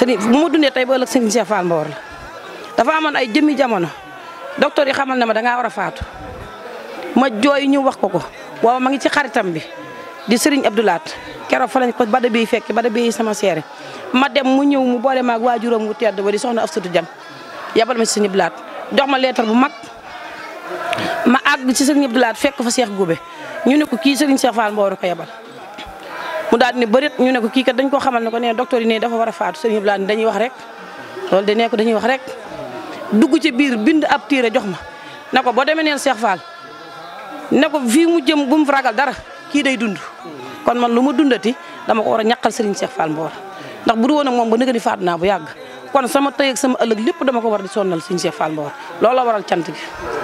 sëriñ bu ma dundee tey ba ëllëg sëriñ Cheikh Fall Mbaor la dafa amoon ay jëmmi jamono docteur yi xamal na ma dangaa war a faatu ma jooy ñu wax ko ko waaw ma ngi ci xaritam bi di sëriñ Abdoulaat keroog fa lañ ko bada biy fekk bada biy sama seere ma dem mu ñëw mu boole maag waajuram wu tedd ba di soxna Afsatu Jam yabal ma ci sëriñ Abdoulaat dox ma leetar bu mag ma àgg ci sëriñ Abdoulaat fekk fa seex gube ñu ne ko kii sëriñ Cheikh Fall Mbaor ko yabal mu daal di ne ñu ne ko kii kat dañ koo xamal ne ko nee docteur yi ne dafa war a faatu sëñ Ibrahima dañuy wax rek loolu de nee ko dañuy wax rek dugg ci biir bind ab a jox ma ne ko boo demee neel Cheikh Fall ne ko fii mu jëm bu mu ragal dara kii day dund kon man lu ma dundati dama ko war a ñaqal Serigne Cheikh Fall Mbor ndax bu du woon ak moom ba nëga di faatu naa bu yàgg kon sama tey ak sama ëllëg lépp dama ko war di sonnal Serigne Cheikh Fall Mbor looloo waral cant gi